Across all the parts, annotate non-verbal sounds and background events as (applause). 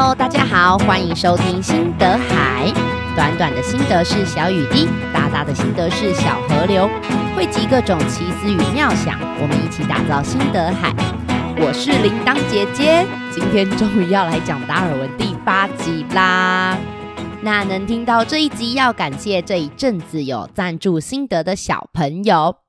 Hello，大家好，歡迎收聽心得海。短短的心得是小雨滴，大大的心得是小河流，匯集各種奇思與妙想，我們一起打造心得海。我是鈴鐺姐姐，今天終於要來講達爾文第八集啦。那能聽到這一集，要感謝這一陣子有贊助心得的小朋友。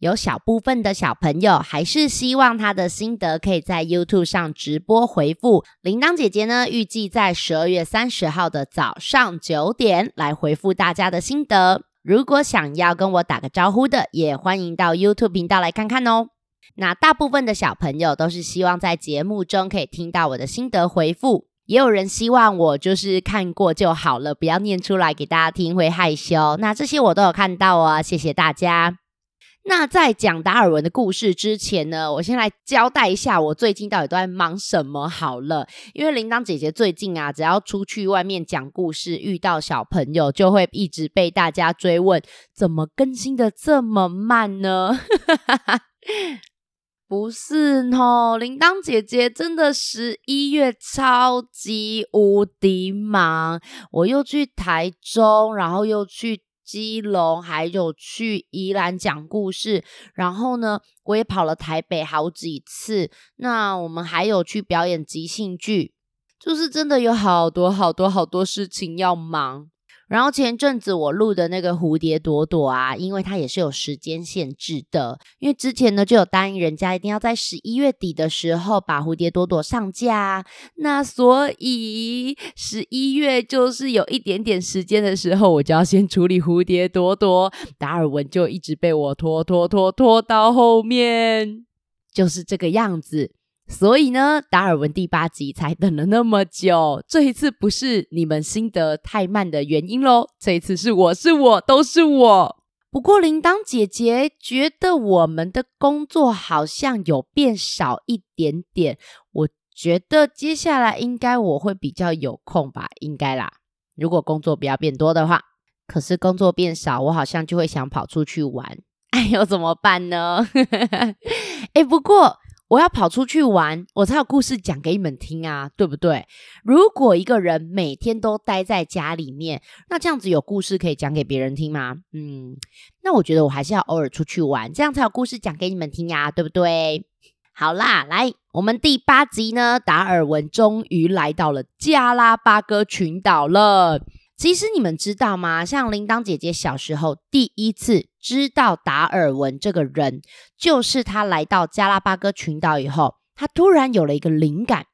有小部分的小朋友還是希望他的心得可以在 YouTube 上直播回復。鈴鐺姐姐呢，預計在十二月三十號的早上九點來回復大家的心得。如果想要跟我打個招呼的，也歡迎到 YouTube 頻道來看看哦。那大部分的小朋友都是希望在節目中可以聽到我的心得回復，也有人希望我就是看過就好了，不要念出來給大家聽會害羞。那這些我都有看到哦，謝謝大家。那在講達爾文的故事之前呢，我先來交代一下我最近到底都在忙什麼好了。因為鈴鐺姐姐最近啊，只要出去外面講故事，遇到小朋友就會一直被大家追問，怎麼更新的這麼慢呢？ (laughs) 不是哦，鈴鐺姐姐真的十一月超級無敵忙，我又去台中，然後又去。基隆，還有去宜蘭講故事，然後呢，我也跑了台北好幾次。那我們還有去表演即興劇，就是真的有好多好多好多事情要忙。然後前陣子我錄的那個蝴蝶朵朵啊，因為它也是有時間限制的，因為之前呢就有答應人家一定要在十一月底的時候把蝴蝶朵朵上架啊，那所以十一月就是有一點點時間的時候，我就要先處理蝴蝶朵朵，達爾文就一直被我拖拖拖拖到後面，就是這個樣子。所以呢，達爾文第八集才等了那麼久，這一次不是你們心得太慢的原因嘍，這一次是我是我都是我。不過鈴鐺姐姐覺得我們的工作好像有變少一點點，我覺得接下來應該我會比較有空吧，應該啦。如果工作不要變多的話，可是工作變少，我好像就會想跑出去玩，哎喲怎麼辦呢？哎、 (laughs) 欸，不過。我要跑出去玩，我才有故事講給你們聽啊，對不對？如果一個人每天都待在家裡面，那這樣子有故事可以講給別人聽嗎？嗯，那我覺得我還是要偶爾出去玩，這樣才有故事講給你們聽呀、啊，對不對？好啦，來，我們第八集呢，達爾文終於來到了加拉巴哥群島了。其實你們知道嗎？像鈴鐺姐姐小時候第一次。知道達爾文這個人，就是他來到加拉巴哥群島以後，他突然有了一個靈感。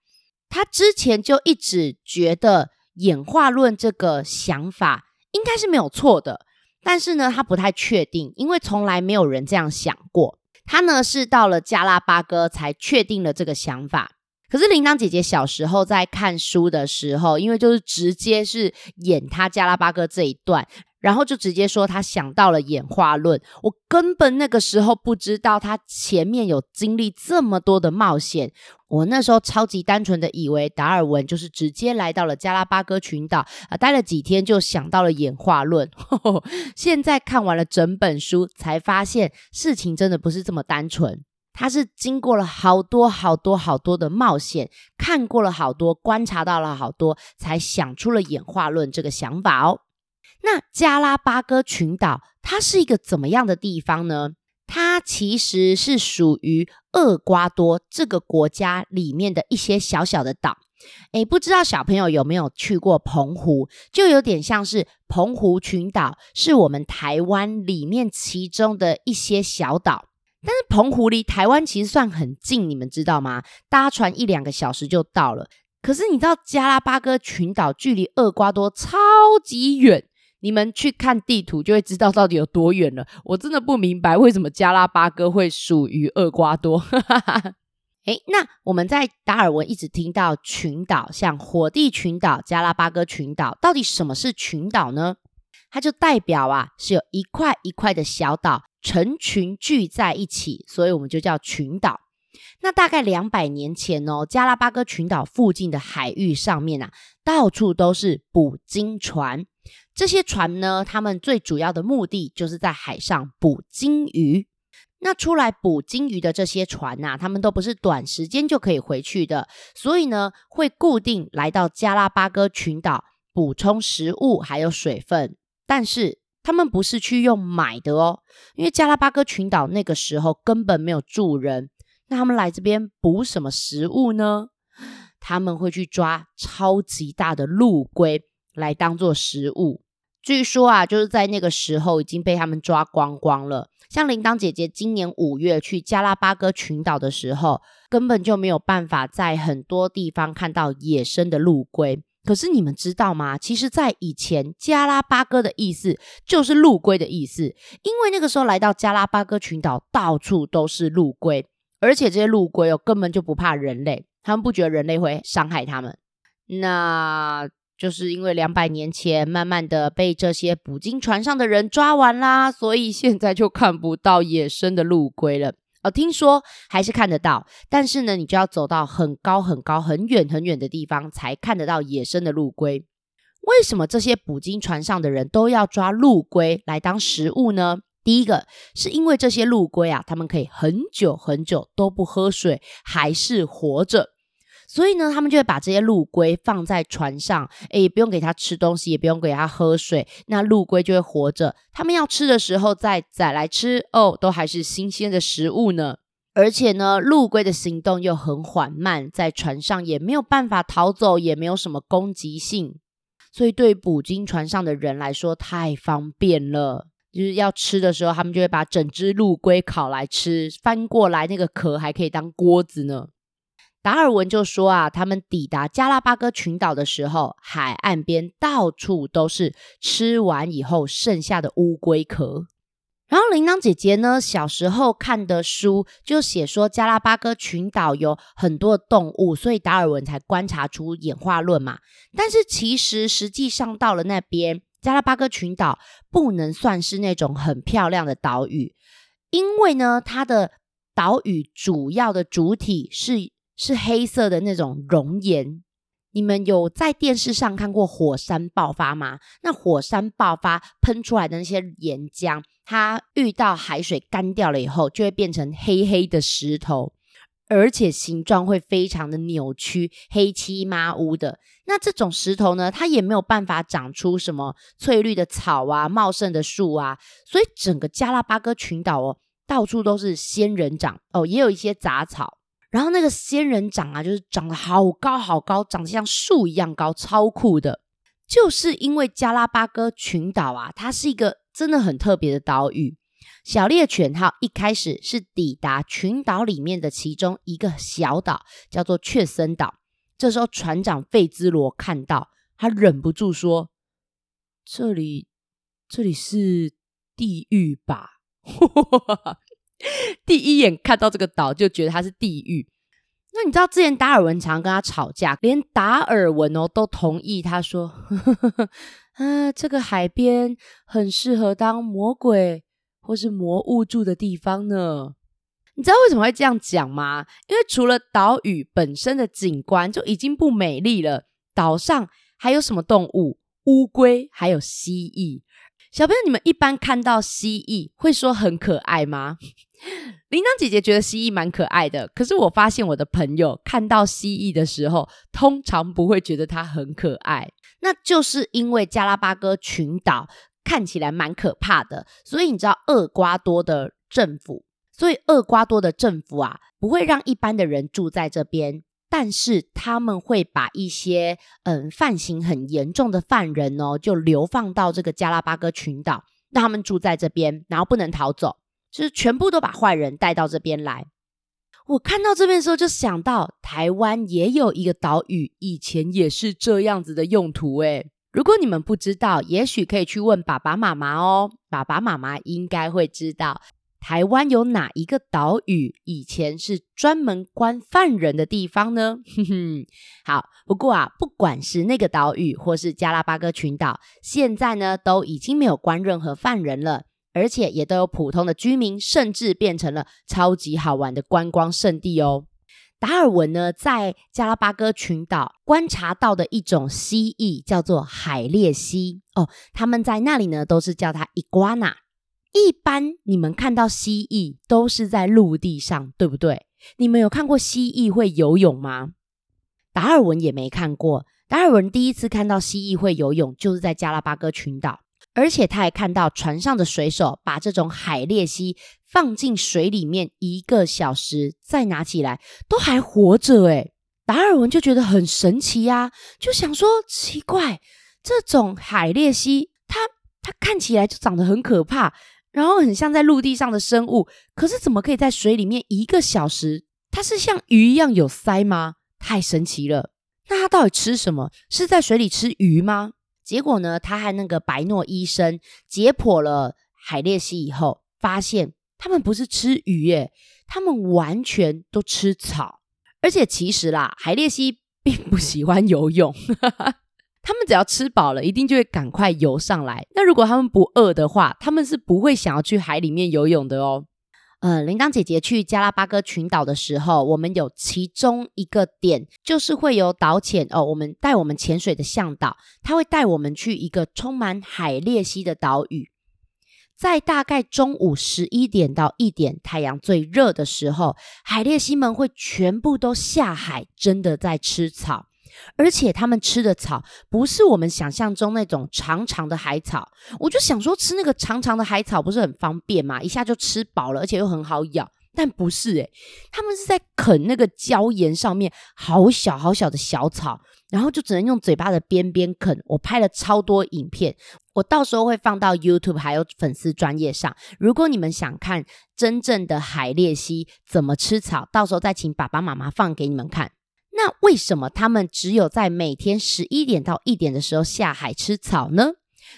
他之前就一直覺得演化論這個想法應該是沒有錯的，但是呢，他不太確定，因為從來沒有人這樣想過。他呢是到了加拉巴哥才確定了這個想法。可是鈴鐺姐姐小時候在看書的時候，因為就是直接是演他加拉巴哥這一段。然後就直接說他想到了演化論，我根本那個時候不知道他前面有經歷這麼多的冒險。我那時候超級單純的以為達爾文就是直接來到了加拉巴哥群島啊、呃，待了幾天就想到了演化論呵呵。現在看完了整本書，才發現事情真的不是這麼單純。他是經過了好多好多好多的冒險，看過了好多，觀察到了好多，才想出了演化論這個想法哦。那加拉巴哥群島它是一個怎麼樣的地方呢？它其實是屬於厄瓜多這個國家裡面的一些小小的島。誒，不知道小朋友有沒有去過澎湖，就有點像是澎湖群島是我們台灣裡面其中的一些小島。但是澎湖離台灣其實算很近，你們知道嗎？搭船一兩個小時就到了。可是你知道加拉巴哥群島距離厄瓜多超級遠。你們去看地圖就會知道到底有多遠了。我真的不明白為什麼加拉巴哥會屬於厄瓜多。哎， (laughs) 那我們在達爾文一直聽到群島，像火地群島、加拉巴哥群島，到底什麼是群島呢它就代表啊，是有一塊一塊的小島成群聚在一起，所以我們就叫群島。那大概兩百年前哦，加拉巴哥群島附近的海域上面啊，到處都是捕鯨船。這些船呢，他們最主要的目的就是在海上捕鯨魚。那出來捕鯨魚的這些船吶、啊，他們都不是短時間就可以回去的，所以呢，會固定來到加拉巴哥群島補充食物還有水分。但是他們不是去用買的哦，因為加拉巴哥群島那個時候根本沒有住人，那他們來這邊補什麼食物呢？他們會去抓超級大的陸龜來當做食物。據說啊，就是在那個時候已經被他們抓光光了。像鈴鐺姐姐今年五月去加拉巴哥群島的時候，根本就沒有辦法在很多地方看到野生的陸龜。可是你們知道嗎？其實，在以前，加拉巴哥的意思就是陸龜的意思，因為那個時候來到加拉巴哥群島，到處都是陸龜，而且這些陸龜哦，根本就不怕人類，他們不覺得人類會傷害他們。那，就是因為兩百年前，慢慢的被這些捕鯨船上的人抓完啦，所以現在就看不到野生的陸龜了。哦、呃，聽說還是看得到，但是呢，你就要走到很高、很高、很遠、很遠的地方才看得到野生的陸龜。為什麼這些捕鯨船上的人都要抓陸龜來當食物呢？第一個是因為這些陸龜啊，他們可以很久很久都不喝水，還是活着。所以呢，他們就會把這些陸龜放在船上，欸，也不用給它吃東西，也不用給它喝水，那陸龜就會活着。他們要吃的時候再宰來吃，哦，都還是新鮮的食物呢。而且呢，陸龜的行動又很緩慢，在船上也沒有辦法逃走，也沒有什麼攻擊性，所以對捕鯨船上的人來說太方便了。就是要吃的時候，他們就會把整隻陸龜烤來吃，翻過來那個殼還可以當鍋子呢。達爾文就說啊，他們抵達加拉巴哥群島的時候，海岸邊到處都是吃完以後剩下的烏龜殼。然後鈴鐺姐姐呢，小時候看的書就寫說，加拉巴哥群島有很多動物，所以達爾文才觀察出演化論嘛。但是其實實際上到了那邊，加拉巴哥群島不能算是那種很漂亮的島嶼，因為呢，它的島嶼主要的主體是。是黑色的那種熔岩。你們有在電視上看過火山爆發嗎？那火山爆發噴出來的那些岩漿，它遇到海水乾掉了以後，就會變成黑黑的石頭，而且形狀會非常的扭曲，黑漆麻烏的。那這種石頭呢，它也沒有辦法長出什麼翠綠的草啊、茂盛的樹啊，所以整個加拉巴哥群島哦，到處都是仙人掌哦，也有一些雜草。然後那個仙人掌啊，就是長得好高好高，長得像樹一樣高，超酷的。就是因為加拉巴哥群島啊，它是一個真的很特別的島嶼。小獵犬號一開始是抵達群島裡面的其中一個小島，叫做雀森島。這時候船長費茲羅看到，他忍不住說：“這裡，這裡是地獄吧？” (laughs) 第一眼看到這個島，就覺得它是地獄。那你知道之前達爾文常跟他吵架，連達爾文哦都同意他說，呵呵呵，啊，這個海邊很適合當魔鬼或是魔物住的地方呢。你知道為什麼會這樣講嗎？因為除了島嶼本身的景觀就已經不美麗了，島上還有什麼動物？烏龜還有蜥蜴。小朋友，你們一般看到蜥蜴會說很可愛嗎？鈴 (laughs) 鐺姐姐覺得蜥蜴蠻可愛的，可是我發現我的朋友看到蜥蜴的時候，通常不會覺得它很可愛。那就是因為加拉巴哥群島看起來蠻可怕的，所以你知道厄瓜多的政府，所以厄瓜多的政府啊，不會讓一般的人住在這邊。但是他們會把一些，嗯，犯行很嚴重的犯人哦，就流放到這個加拉巴哥群島，讓他們住在這邊，然後不能逃走，就是全部都把壞人帶到這邊來。我看到這邊的時候，就想到台灣也有一個島嶼，以前也是這樣子的用途欸。如果你們不知道，也許可以去問爸爸媽媽哦，爸爸媽媽應該會知道。台灣有哪一個島嶼以前是專門關犯人的地方呢？哼哼，好，不過啊，不管是那個島嶼，或是加拉巴哥群島，現在呢都已經沒有關任何犯人了，而且也都有普通的居民，甚至變成了超級好玩的觀光勝地哦。達爾文呢在加拉巴哥群島觀察到的一種蜥蜴叫做海鬣蜥哦，他們在那裡呢都是叫它伊瓜那。一般你們看到蜥蜴都是在陸地上，對不對？你們有看過蜥蜴會游泳嗎？達爾文也沒看過。達爾文第一次看到蜥蜴會游泳，就是在加拉巴哥群島，而且他還看到船上的水手把這種海鬣蜥放進水裡面一個小時，再拿起來都還活着、欸。誒達爾文就覺得很神奇呀、啊，就想說奇怪，這種海鬣蜥，它它看起來就長得很可怕。然後很像在陸地上的生物，可是怎麼可以在水裡面一個小時？它是像魚一樣有鰓嗎？太神奇了！那它到底吃什麼？是在水裡吃魚嗎？結果呢，他和那個白諾醫生解剖了海鬣蜥以後，發現他們不是吃魚耶，他們完全都吃草。而且其實啦，海鬣蜥並不喜歡游泳。 (laughs) 他們只要吃飽了，一定就會趕快游上來。那如果他們不餓的話，他們是不會想要去海裡面游泳的哦。呃，鈴鐺姐姐去加拉巴哥群島的時候，我們有其中一個點，就是會有島潛哦。我們帶我們潛水的向導，他會帶我們去一個充滿海鬣蜥的島嶼。在大概中午十一點到一點，太陽最熱的時候，海鬣蜥們會全部都下海，真的在吃草。而且他們吃的草不是我們想象中那種長長的海草，我就想說吃那個長長的海草不是很方便嘛，一下就吃飽了，而且又很好咬，但不是誒、欸，他們是在啃那個礁岩上面好小好小的小草，然後就只能用嘴巴的邊邊啃。我拍了超多影片，我到時候會放到 YouTube 還有粉絲專頁上，如果你們想看真正的海鬣蜥怎麼吃草，到時候再請爸爸媽媽放給你們看。那為什麼他們只有在每天十一點到一點的時候下海吃草呢？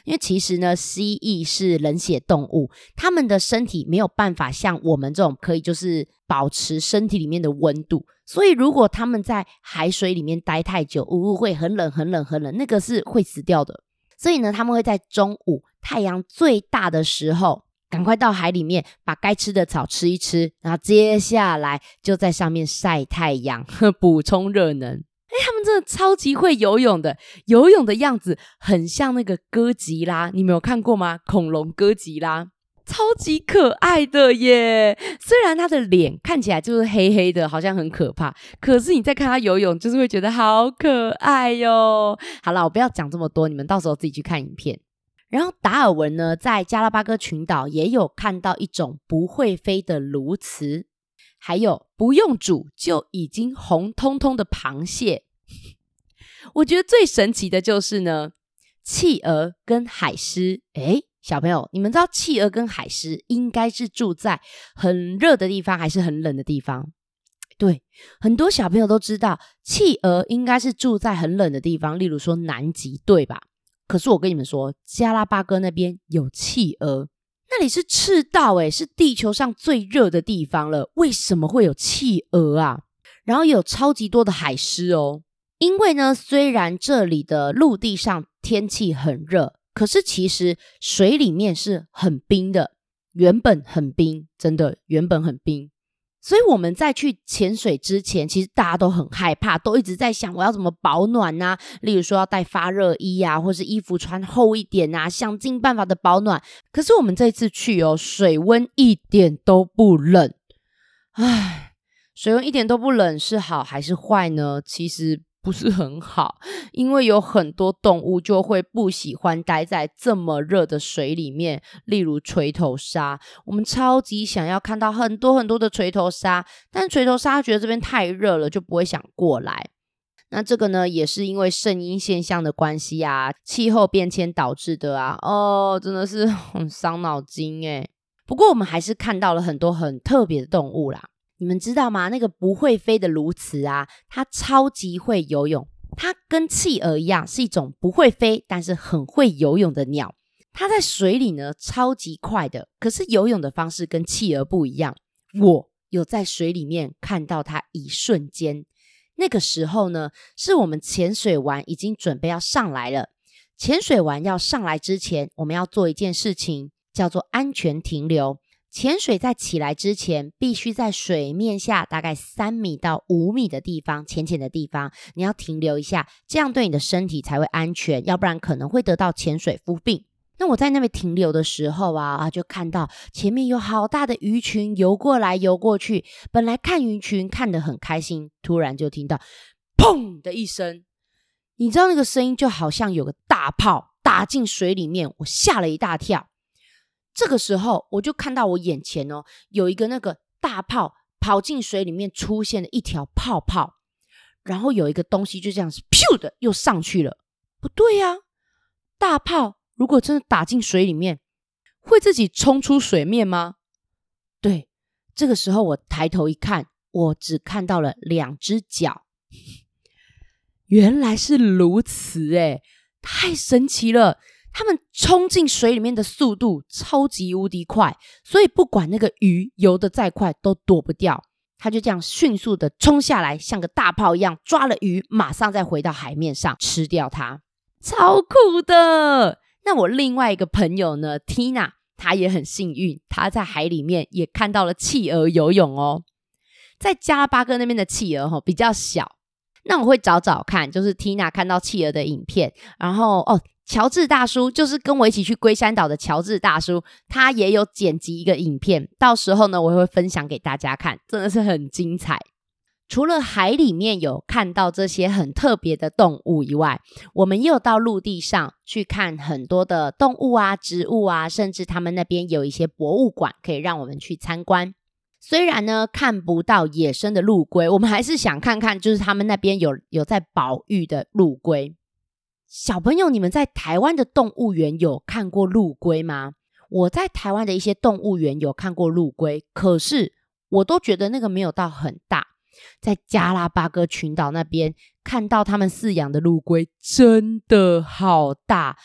因為其實呢，蜥蜴是冷血動物，他們的身體沒有辦法像我們這種可以就是保持身體裡面的溫度。所以如果他們在海水裡面待太久，嗚嗚會很冷、很冷、很冷，那個是會死掉的。所以呢，他們會在中午太陽最大的時候，趕快到海裡面把該吃的草吃一吃，然後接下來就在上面曬太陽，補充熱能。哎、欸，他們真的超級會游泳的，游泳的樣子很像那個哥吉拉，你們有看過嗎？恐龍哥吉拉，超級可愛的耶！雖然他的臉看起來就是黑黑的，好像很可怕，可是你再看他游泳，就是會覺得好可愛喲、哦。好啦，我不要講這麼多，你們到時候自己去看影片。然後達爾文呢，在加拉巴哥群島也有看到一種不會飛的鸕鶿，還有不用煮，就已經紅彤彤的螃蟹。我覺得最神奇的就是呢，企鵝跟海獅。誒，小朋友，你們知道企鵝跟海獅應該是住在很熱的地方，還是很冷的地方？對，很多小朋友都知道企鵝應該是住在很冷的地方，例如說南極，對吧？可是我跟你們說，加拉巴哥那邊有企鵝，那裡是赤道，誒，是地球上最熱的地方了，為什麼會有企鵝啊？然後有超級多的海獅哦，因為呢，雖然這裡的陸地上天氣很熱，可是其實水裡面是很冰的，原本很冰，真的，原本很冰。所以我們在去潛水之前，其實大家都很害怕，都一直在想我要怎麼保暖呢？啊，例如說要帶發熱衣呀，啊，或是衣服穿厚一點啊，想盡辦法的保暖。可是我們這次去哦，水溫一點都不冷，唉，水溫一點都不冷是好還是壞呢？其實。不是很好，因為有很多動物就會不喜歡待在這麼熱的水裡面，例如錘頭鯊。我們超級想要看到很多很多的錘頭鯊，但錘頭鯊覺得這邊太熱了，就不會想過來。那這個呢，也是因為聖嬰現象的關係啊，氣候變遷導致的啊。哦，真的是很傷腦筋哎。不過我們還是看到了很多很特別的動物啦。你們知道嗎？那個不會飛的鸕鶿啊，它超級會游泳。它跟企鵝一樣，是一種不會飛但是很會游泳的鳥。它在水裡呢，超級快的。可是游泳的方式跟企鵝不一樣。我有在水裡面看到它一瞬間。那個時候呢，是我們潛水完已經準備要上來了。潛水完要上來之前，我們要做一件事情，叫做安全停留。潛水在起來之前，必須在水面下大概三米到五米的地方，淺淺的地方，你要停留一下，這樣對你的身體才會安全，要不然可能會得到潛水夫病。那我在那邊停留的時候啊啊，就看到前面有好大的魚群游過來游過去，本來看魚群看得很開心，突然就聽到砰的一聲，你知道那個聲音就好像有個大炮打進水裡面，我嚇了一大跳。這個時候，我就看到我眼前哦，有一個那個大炮跑進水裡面，出現了一條泡泡，然後有一個東西就這樣子，咻的又上去了。不、哦、對呀、啊，大炮如果真的打進水裡面，會自己衝出水面嗎？對，這個時候我抬頭一看，我只看到了兩隻腳，原來是鸕鶿哎、欸，太神奇了！他們衝進水裡面的速度超級無敵快，所以不管那個魚游得再快，都躲不掉。他就這樣迅速的衝下來，像個大炮一樣抓了魚，馬上再回到海面上吃掉它，超酷的。那我另外一個朋友呢，Tina，她也很幸運，她在海裡面也看到了企鵝游泳哦，在加拉巴哥那邊的企鵝哈、哦、比較小。那我會找找看，就是 Tina 看到企鵝的影片，然後哦。喬治大叔就是跟我一起去龜山島的喬治大叔，他也有剪輯一個影片，到時候呢，我會分享給大家看，真的是很精彩。除了海裡面有看到這些很特別的動物以外，我們又到陸地上去看很多的動物啊、植物啊，甚至他們那邊有一些博物館可以讓我們去參觀。雖然呢，看不到野生的陸龜，我們還是想看看，就是他們那邊有有在保育的陸龜。小朋友，你們在台灣的動物園有看過陸龜嗎？我在台灣的一些動物園有看過陸龜，可是我都覺得那個沒有到很大。在加拉巴哥群島那邊看到他們飼養的陸龜，真的好大，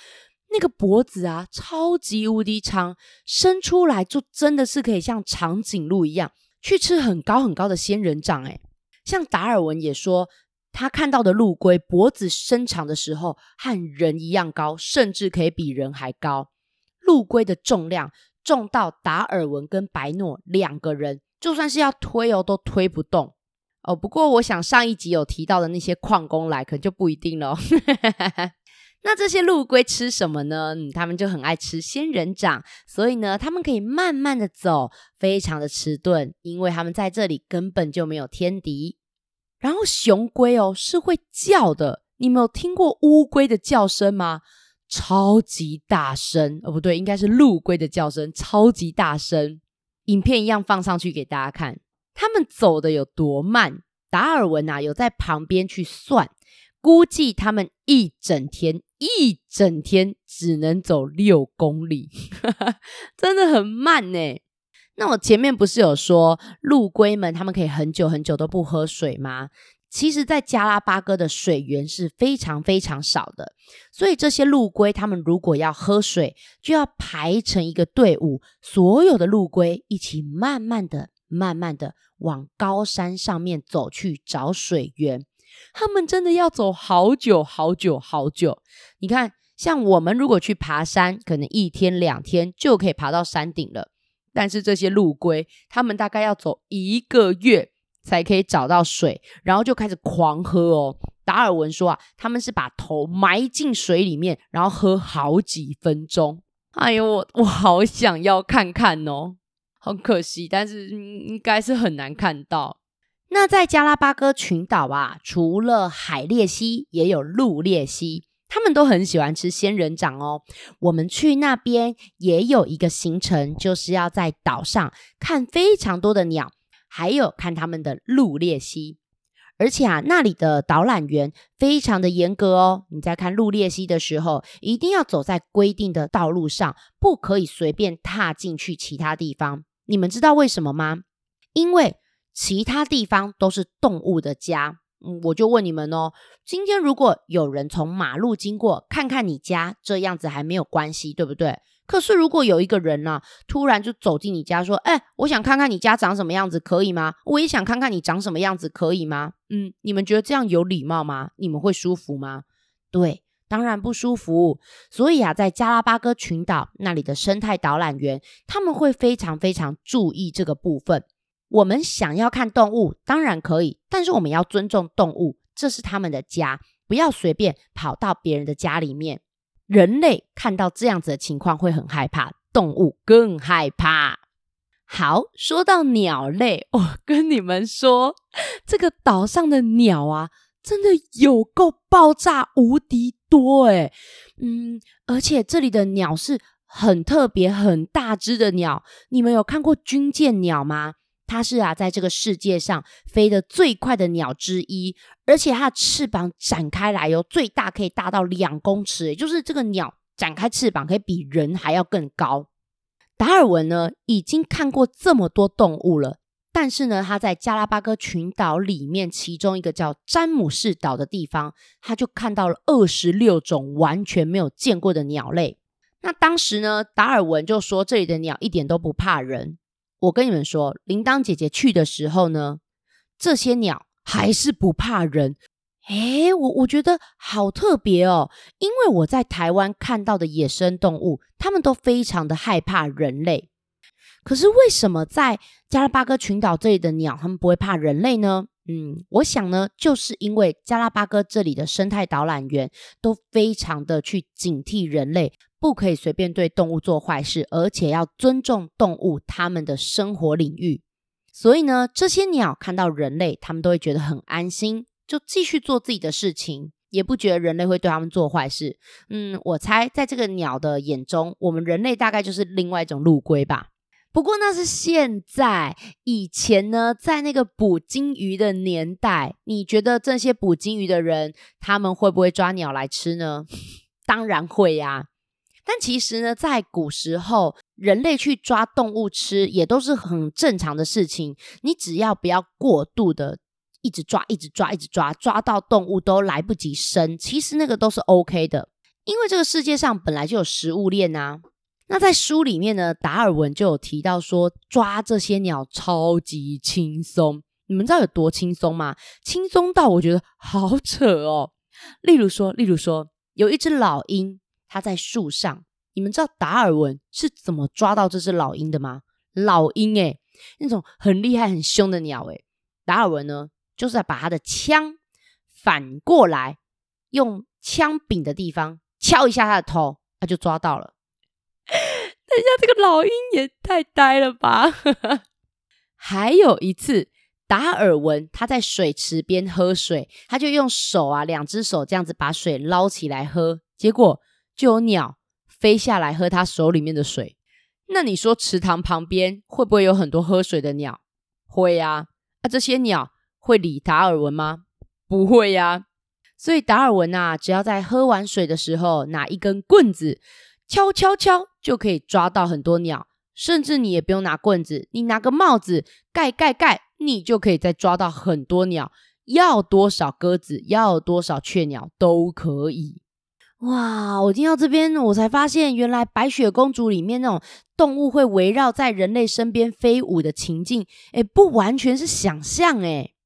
那個脖子啊，超級無敵長，伸出來就真的是可以像長頸鹿一樣去吃很高很高的仙人掌。哎，像達爾文也說。他看到的陸龜脖子伸長的時候和人一樣高，甚至可以比人還高。陸龜的重量重到達爾文跟白諾兩個人就算是要推哦都推不動哦。不過我想上一集有提到的那些礦工來，可能就不一定嘍哦。 (laughs) 那這些陸龜吃什麼呢？嗯，他們就很愛吃仙人掌，所以呢，他們可以慢慢的走，非常的遲鈍，因為他們在這裡根本就沒有天敵。然後，雄龜哦是會叫的。你們有聽過烏龜的叫聲嗎？超級大聲哦，不對，應該是陸龜的叫聲，超級大聲。影片一樣放上去給大家看，他們走得有多慢？達爾文吶、啊、有在旁邊去算，估計他們一整天一整天只能走六公里， (laughs) 真的很慢呢、欸。那我前面不是有說陸龜們他們可以很久很久都不喝水嗎？其實，在加拉巴哥的水源是非常非常少的，所以這些陸龜他們如果要喝水，就要排成一個隊伍，所有的陸龜一起慢慢的、慢慢的往高山上面走去找水源。他們真的要走好久、好久、好久。你看，像我們如果去爬山，可能一天兩天就可以爬到山頂了。但是這些陸龜，它們大概要走一個月才可以找到水，然後就開始狂喝哦。達爾文說啊，他們是把頭埋進水裡面，然後喝好幾分鐘。哎呦，我我好想要看看哦，很可惜，但是應該是很難看到。那在加拉巴哥群島啊，除了海鬣蜥，也有陸鬣蜥。他們都很喜歡吃仙人掌哦。我們去那邊也有一個行程，就是要在島上看非常多的鳥，還有看他們的陸鬣蜥。而且啊，那裡的導覽員非常的嚴格哦。你在看陸鬣蜥的時候，一定要走在規定的道路上，不可以隨便踏進去其他地方。你們知道為什麼嗎？因為其他地方都是動物的家。嗯，我就問你們哦，今天如果有人從馬路經過，看看你家這樣子還沒有關係，對不對？可是如果有一個人呢、啊，突然就走進你家，說：“哎、欸，我想看看你家長什麼樣子，可以嗎？我也想看看你長什麼樣子，可以嗎？”嗯，你們覺得這樣有禮貌嗎？你們會舒服嗎？對，當然不舒服。所以啊，在加拉巴哥群島那裡的生態導覽員，他們會非常非常注意這個部分。我們想要看動物，當然可以，但是我們要尊重動物，這是他們的家，不要隨便跑到別人的家裡面。人類看到這樣子的情況會很害怕，動物更害怕。好，說到鳥類，我跟你們說，這個島上的鳥啊，真的有夠爆炸無敵多誒。嗯，而且這裡的鳥是很特別、很大只的鳥。你們有看過軍艦鳥嗎？它是啊，在這個世界上飛得最快的鳥之一，而且它的翅膀展開來喲、哦，最大可以大到兩公尺，也就是這個鳥展開翅膀可以比人還要更高。達爾文呢，已經看過這麼多動物了，但是呢，他在加拉巴哥群島裡面其中一個叫詹姆士島的地方，他就看到了二十六種完全沒有見過的鳥類。那當時呢，達爾文就說，這裡的鳥一點都不怕人。我跟你們說，鈴鐺姐姐去的時候呢，這些鳥還是不怕人。哎，我我覺得好特別哦，因為我在台灣看到的野生動物，他們都非常的害怕人類。可是為什麼在加拉巴哥群島這裡的鳥，它們不會怕人類呢？嗯，我想呢，就是因為加拉巴哥這裡的生態導覽員都非常的去警惕人類。不可以隨便對動物做壞事，而且要尊重動物他們的生活領域。所以呢，這些鳥看到人類，它們都會覺得很安心，就繼續做自己的事情，也不覺得人類會對它們做壞事。嗯，我猜在這個鳥的眼中，我們人類大概就是另外一種陸龜吧。不過那是現在，以前呢，在那個捕鯨魚的年代，你覺得這些捕鯨魚的人，他們會不會抓鳥來吃呢？當然會呀、啊。但其實呢，在古時候，人類去抓動物吃也都是很正常的事情。你只要不要過度的一直抓、一直抓、一直抓，抓到動物都來不及生，其實那個都是 OK 的。因為這個世界上本來就有食物鏈啊。那在書裡面呢，達爾文就有提到說，抓這些鳥超級輕鬆。你們知道有多輕鬆嗎？輕鬆到我覺得好扯哦。例如說，例如說，有一隻老鷹。他在樹上，你們知道達爾文是怎麼抓到這只老鷹的嗎？老鷹欸，那種很厲害、很兇的鳥欸，達爾文呢，就是把他的槍反過來，用槍柄的地方敲一下他的頭，他就抓到了。等一下，這個老鷹也太呆了吧！ (laughs) 還有一次，達爾文他在水池邊喝水，他就用手啊，兩只手這樣子把水撈起來喝，結果，就有鳥飛下來喝他手裡面的水，那你說池塘旁邊會不會有很多喝水的鳥？會啊，那、啊、這些鳥會理達爾文嗎？不會呀、啊。所以達爾文吶、啊，只要在喝完水的時候拿一根棍子敲敲敲敲，就可以抓到很多鳥。甚至你也不用拿棍子，你拿個帽子蓋蓋蓋蓋，你就可以再抓到很多鳥。要多少鴿子，要多少雀鳥都可以。哇！我聽到這邊，我才發現，原來《白雪公主》裡面那種動物會圍繞在人類身邊飛舞的情境，誒，欸，不完全是想象，欸，誒。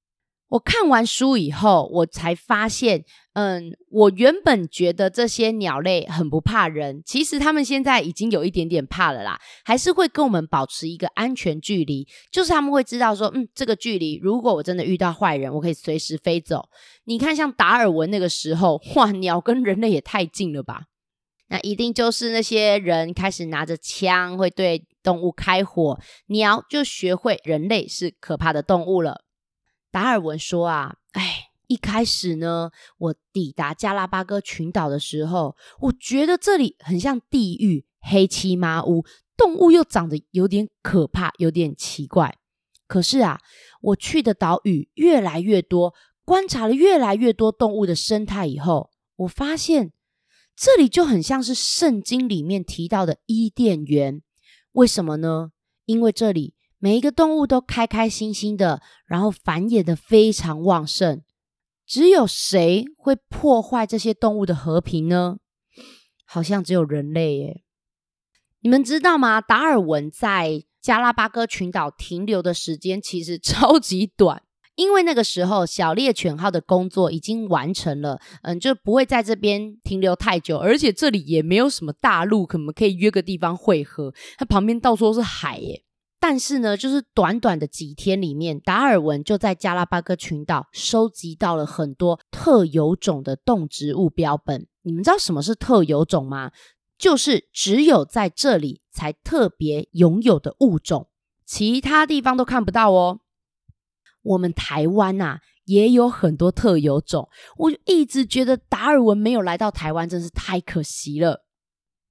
我看完書以後，我才發現，嗯，我原本覺得這些鳥類很不怕人，其實他們現在已經有一點點怕了啦，還是會跟我們保持一個安全距離，就是他們會知道說，嗯，這個距離，如果我真的遇到壞人，我可以隨時飛走。你看，像達爾文那個時候，哇，鳥跟人類也太近了吧？那一定就是那些人開始拿着槍，會對動物開火，鳥就學會人類是可怕的動物了。達爾文說啊，哎，一開始呢，我抵達加拉巴哥群島的時候，我覺得這裡很像地獄，黑漆麻烏，動物又長得有點可怕，有點奇怪。可是啊，我去的島嶼越來越多，觀察了越來越多動物的生態以後，我發現這裡就很像是聖經裡面提到的伊甸園。為什麼呢？因為這裡。每一個動物都開開心心的，然後繁衍的非常旺盛。只有誰會破壞這些動物的和平呢？好像只有人類耶。你們知道嗎？達爾文在加拉巴哥群島停留的時間其實超級短，因為那個時候小獵犬號的工作已經完成了，嗯，就不會在這邊停留太久。而且這裡也沒有什麼大陸，可不可以約個地方會合？它旁邊到處都是海耶。但是呢，就是短短的幾天裡面，達爾文就在加拉巴哥群島收集到了很多特有種的動植物標本。你們知道什麼是特有種嗎？就是只有在這裡才特別擁有的物種，其他地方都看不到哦。我們台灣吶也有很多特有種，我一直覺得達爾文沒有來到台灣，真是太可惜了。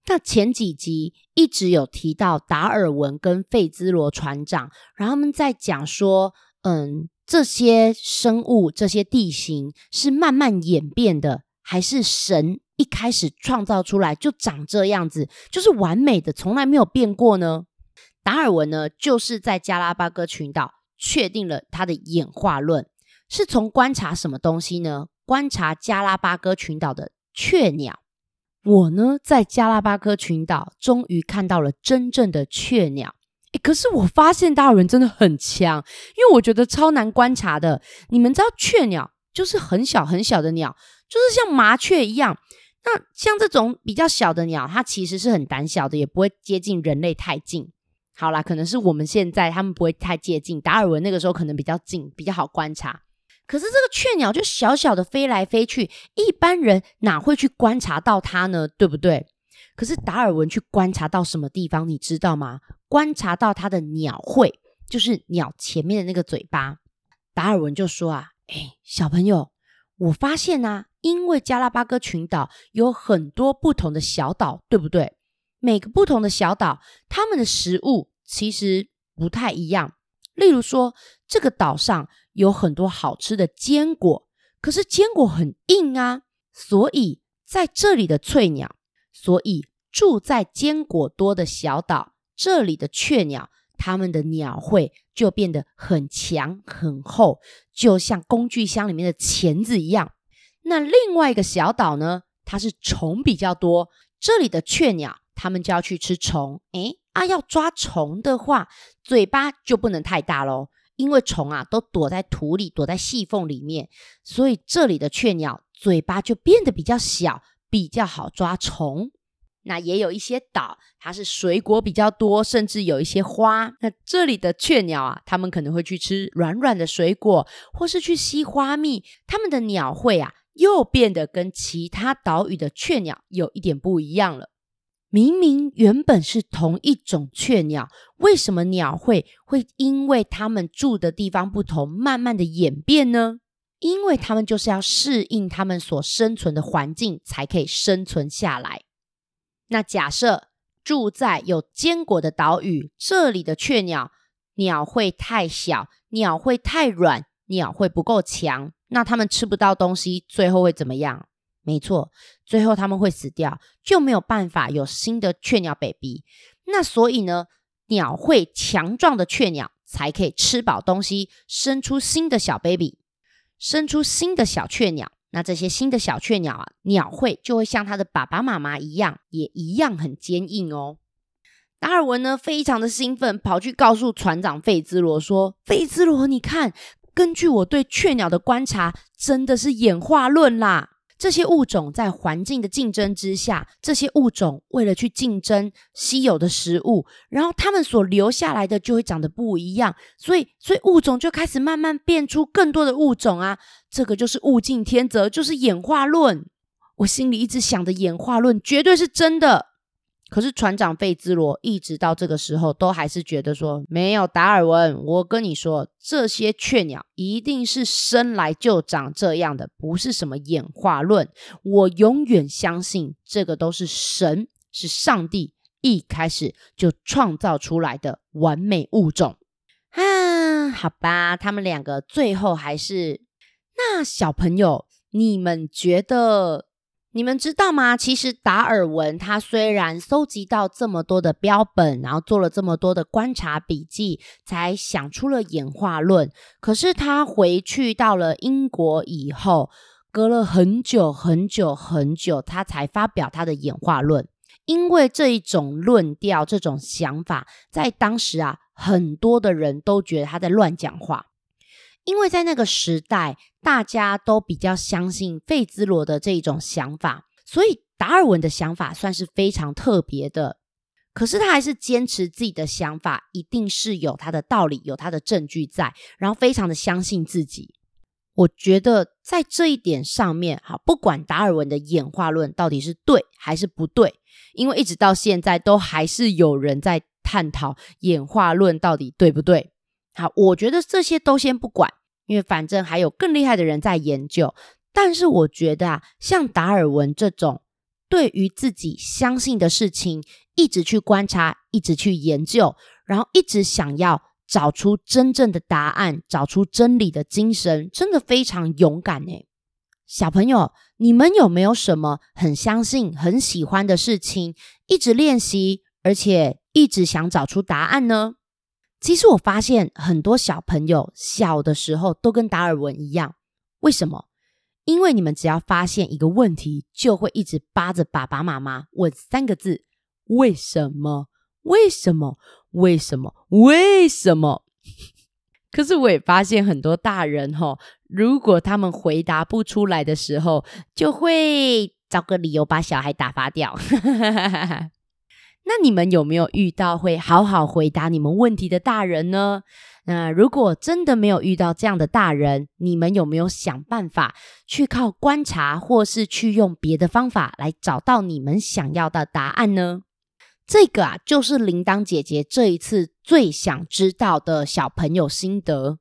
那前幾集一直有提到達爾文跟費茲羅船長，然後他們在講說，嗯，這些生物、這些地形是慢慢演變的，還是神一開始創造出來就長這樣子，就是完美的，從來沒有變過呢？達爾文呢，就是在加拉巴哥群島確定了他的演化論，是從觀察什麼東西呢？觀察加拉巴哥群島的雀鳥。我呢，在加拉巴哥群島終於看到了真正的雀鳥，哎，可是我發現達爾文真的很強，因為我覺得超難觀察的。你們知道雀鳥就是很小很小的鳥，就是像麻雀一樣。那像這種比較小的鳥，它其實是很膽小的，也不會接近人類太近。好啦，可能是我們現在它們不會太接近，達爾文那個時候可能比較近，比較好觀察。可是這個雀鳥就小小的飛來飛去，一般人哪會去觀察到它呢？對不對？可是達爾文去觀察到什麼地方，你知道嗎？觀察到它的鳥喙，就是鳥前面的那個嘴巴。達爾文就說啊，誒小朋友，我發現啊，因為加拉巴哥群島有很多不同的小島，對不對？每個不同的小島，它們的食物其實不太一樣。例如說，這個島上。有很多好吃的堅果，可是堅果很硬啊，所以在這裡的翠鳥，所以住在堅果多的小島，這裡的雀鳥，它們的鳥喙就變得很強很厚，就像工具箱裡面的鉗子一樣。那另外一個小島呢，它是蟲比較多，這裡的雀鳥，它們就要去吃蟲。誒，啊，要抓蟲的話，嘴巴就不能太大嘍。因為蟲啊都躲在土裡，躲在細縫裡面，所以這裡的雀鳥嘴巴就變得比較小，比較好抓蟲。那也有一些島，它是水果比較多，甚至有一些花。那這裡的雀鳥啊，它們可能會去吃軟軟的水果，或是去吸花蜜。它們的鳥喙啊，又變得跟其他島嶼的雀鳥有一點不一樣了。明明原本是同一種雀鳥，為什麼鳥喙會因為它們住的地方不同，慢慢的演變呢？因為它們就是要適應它們所生存的環境，才可以生存下來。那假設住在有堅果的島嶼，這裡的雀鳥鳥喙太小，鳥喙太軟，鳥喙不夠強，那它們吃不到東西，最後會怎麼樣？沒錯，最後他們會死掉，就沒有辦法有新的雀鳥 baby。那所以呢，鳥喙強壯的雀鳥才可以吃飽東西，生出新的小 baby，生出新的小雀鳥。那這些新的小雀鳥啊，鳥喙就會像他的爸爸媽媽一樣，也一樣很堅硬哦。達爾文呢，非常的興奮，跑去告訴船長費茲羅說：“費茲羅，你看，根據我對雀鳥的觀察，真的是演化論啦。”這些物種在環境的競爭之下，這些物種為了去競爭稀有的食物，然後它們所留下來的就會長得不一樣，所以，所以物種就開始慢慢變出更多的物種啊！這個就是物競天擇，就是演化論。我心裡一直想的演化論絕對是真的。可是船長費茲羅一直到這個時候都還是覺得說沒有達爾文，我跟你說，這些雀鳥一定是生來就長這樣的，不是什麼演化論。我永遠相信這個都是神，是上帝一開始就創造出來的完美物種。啊，好吧，他們兩個最後還是……那小朋友，你們覺得？你們知道嗎？其實達爾文他雖然收集到這麼多的標本，然後做了這麼多的觀察筆記，才想出了演化論。可是他回去到了英國以後，隔了很久很久很久，他才發表他的演化論。因為這一種論調、這種想法，在當時啊，很多的人都覺得他在亂講話。因為在那個時代，大家都比較相信費茲羅的這一種想法，所以達爾文的想法算是非常特別的。可是他還是堅持自己的想法，一定是有他的道理，有他的證據在，然後非常的相信自己。我覺得在這一點上面，哈，不管達爾文的演化論到底是對還是不對，因為一直到現在都還是有人在探討演化論到底對不對。好，我覺得這些都先不管，因為反正還有更厲害的人在研究。但是我覺得啊，像達爾文這種對於自己相信的事情，一直去觀察，一直去研究，然後一直想要找出真正的答案，找出真理的精神，真的非常勇敢誒。小朋友，你們有沒有什麼很相信、很喜歡的事情，一直練習，而且一直想找出答案呢？其實我發現很多小朋友小的時候都跟達爾文一樣，為什麼？因為你們只要發現一個問題，就會一直巴着爸爸媽媽問三個字：為什麼？為什麼？為什麼？為什麼？可是我也發現很多大人齁，如果他們回答不出來的時候，就會找個理由把小孩打發掉。 (laughs) 那你們有沒有遇到會好好回答你們問題的大人呢？那如果真的沒有遇到這樣的大人，你們有沒有想辦法去靠觀察，或是去用別的方法來找到你們想要的答案呢？這個啊，就是鈴鐺姐姐這一次最想知道的小朋友心得，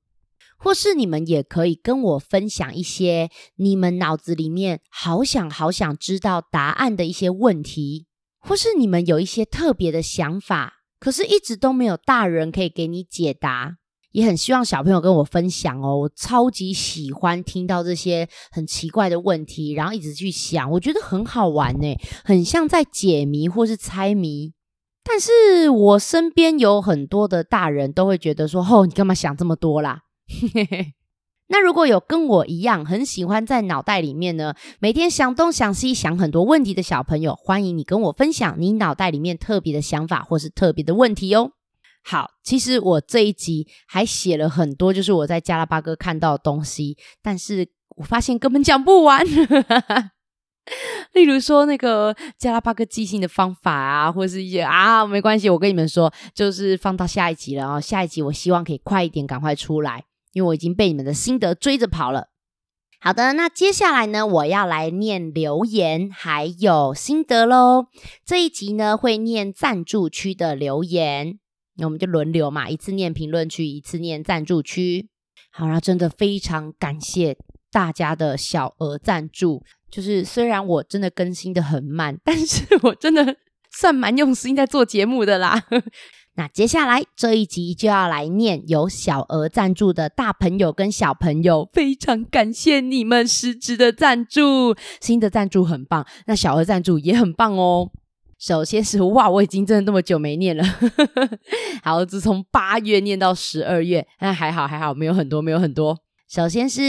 或是你們也可以跟我分享一些你們腦子裡面好想好想知道答案的一些問題。或是你們有一些特別的想法，可是一直都沒有大人可以給你解答，也很希望小朋友跟我分享哦。我超級喜歡聽到這些很奇怪的問題，然後一直去想，我覺得很好玩耶，很像在解謎或是猜謎。但是我身邊有很多的大人都會覺得說：“哦，你幹嘛想這麼多啦？” (laughs) 那如果有跟我一樣很喜歡在腦袋裡面呢，每天想東想西想很多問題的小朋友，歡迎你跟我分享你腦袋裡面特別的想法或是特別的問題哦。好，其實我這一集還寫了很多，就是我在加拉巴哥看到的東西，但是我發現根本講不完。哈 (laughs) 哈，例如說那個加拉巴哥寄信的方法啊，或是一些啊，沒關係，我跟你們說，就是放到下一集了啊，下一集我希望可以快一點，趕快出來。因為我已經被你們的心得追着跑了。好的，那接下來呢，我要來念留言還有心得嘍。這一集呢，會念贊助區的留言，那、嗯、我們就輪流嘛，一次念評論區，一次念贊助區。好啦，真的非常感謝大家的小額贊助。就是雖然我真的更新得很慢，但是我真的算蠻用心在做節目的啦。 (laughs) 那接下來這一集就要來念由小額贊助的大朋友跟小朋友，非常感謝你們實質的贊助，新的贊助很棒，那小額贊助也很棒哦。首先是哇，我已經真的那麼久沒念了， (laughs) 好，自從八月念到十二月，那還好還好，沒有很多沒有很多。首先是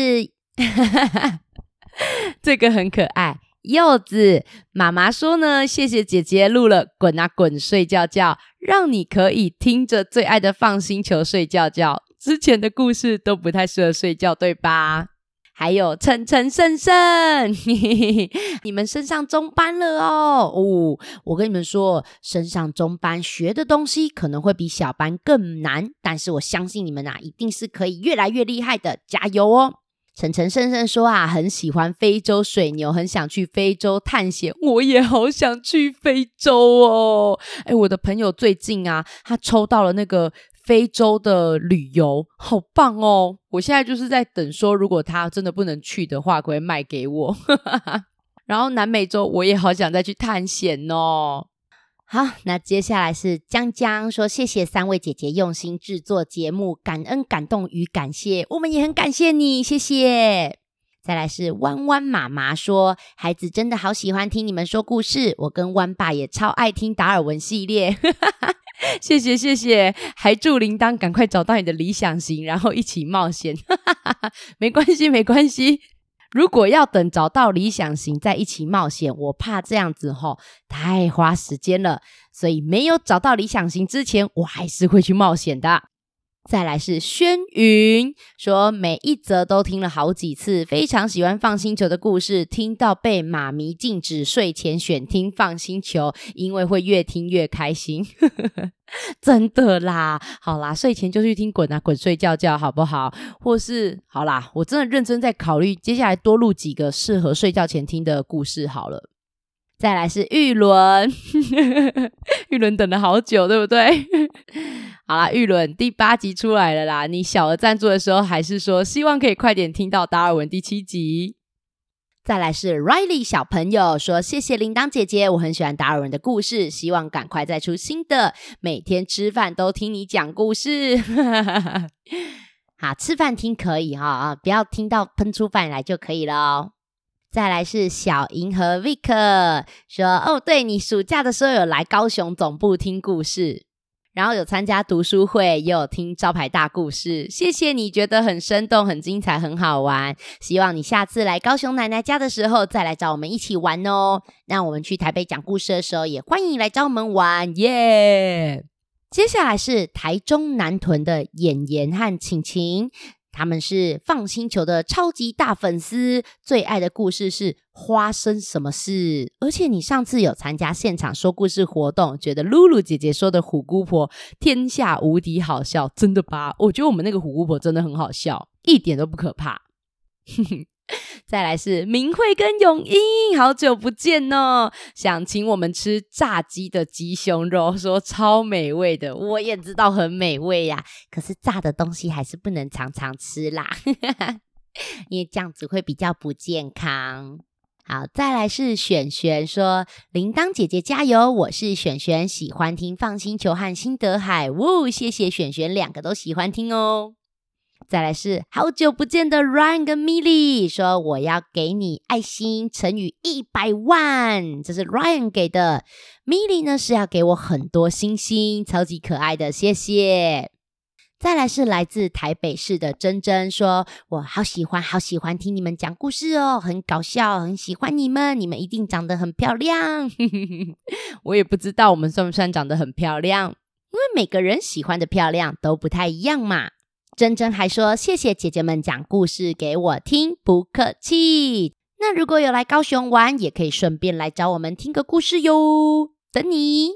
(laughs) 這個很可愛。柚子媽媽說呢，謝謝姐姐錄了，滾啊滾，睡覺覺，讓你可以聽着最愛的 FUN 星球睡覺覺。之前的故事都不太適合睡覺，對吧？還有晨晨、嘿嘿嘿，你們升上中班了哦。哦，我跟你們說，升上中班學的東西可能會比小班更難，但是我相信你們啊，一定是可以越來越厲害的，加油哦！晨晨、勝勝說啊，很喜歡非洲水牛，很想去非洲探險。我也好想去非洲哦！誒、欸、我的朋友最近啊，他抽到了那個非洲的旅遊，好棒哦！我現在就是在等說，說如果他真的不能去的話，可以賣給我。 (laughs) 然後南美洲，我也好想再去探險哦。好，那接下來是江江說：“謝謝三位姐姐用心制作節目，感恩、感動與感謝，我們也很感謝你，謝謝。”再來是彎彎媽媽說：“孩子真的好喜歡聽你們說故事，我跟彎爸也超愛聽達爾文系列，哈哈哈，謝謝謝謝。”還祝鈴鐺趕快找到你的理想型，然後一起冒險。 (laughs) 沒關係，沒關係。如果要等找到理想型再一起冒險，我怕這樣子吼，太花時間了，所以沒有找到理想型之前，我還是會去冒險的。再來是軒雲說，每一則都聽了好幾次，非常喜歡放星球的故事，聽到被媽咪禁止睡前選聽放星球，因為會越聽越開心。呵呵呵。真的啦，好啦，睡前就去聽滾啊滾，睡覺覺好不好？或是好啦，我真的認真在考慮，接下來多錄幾個適合睡覺前聽的故事，好了。再來是玉倫， (laughs) 玉倫等了好久，對不對？ (laughs) 好啦，玉倫第八集出來了啦！你小額贊助的時候，還是說希望可以快點聽到達爾文第七集？再來是 Riley 小朋友說，謝謝鈴鐺姐姐，我很喜歡達爾文的故事，希望趕快再出新的，每天吃飯都聽你講故事。好、 (laughs) 啊，吃飯聽可以哈、哦、啊，不要聽到噴出飯來就可以了哦。再來是小瑩和 Vic 說：“哦，對，你暑假的時候有來高雄總部聽故事，然後有參加讀書會，也有聽招牌大故事。謝謝你，覺得很生動、很精彩、很好玩。希望你下次來高雄奶奶家的時候，再來找我們一起玩哦。那我們去台北講故事的時候，也歡迎來找我們玩耶。Yeah! 接下來是台中南屯的妍妍和晴晴。”他們是 FUN 星球的超級大粉絲，最愛的故事是花生什麼事。而且你上次有參加現場說故事活動，覺得露露姐姐說的虎姑婆天下無敵好笑，真的吧？我覺得我們那個虎姑婆真的很好笑，一點都不可怕。 (laughs) 再來是明慧跟永英，好久不見哦，想請我們吃炸雞的雞胸肉，說超美味的，我也知道很美味呀，啊，可是炸的東西還是不能常常吃啦，因 (laughs) 為這樣子會比較不健康。好，再來是璇璇，說鈴鐺姐姐加油，我是璇璇，喜歡聽《放星球》和《新德海》，嗚，謝謝璇璇，兩個都喜歡聽哦。再來是好久不見的 Ryan 跟 Milly，說我要給你愛心乘以一百萬，這是 Ryan 給的。Milly 呢是要給我很多星星，超級可愛的，謝謝。再來是來自台北市的珍珍說，說我好喜歡，好喜歡聽你們講故事哦，很搞笑，很喜歡你們，你們一定長得很漂亮。 (laughs) 我也不知道我們算不算長得很漂亮，因為每個人喜歡的漂亮都不太一樣嘛。珍珍還說：“謝謝姐姐們講故事給我聽，不客氣。那如果有來高雄玩，也可以順便來找我們聽個故事喲，等你。”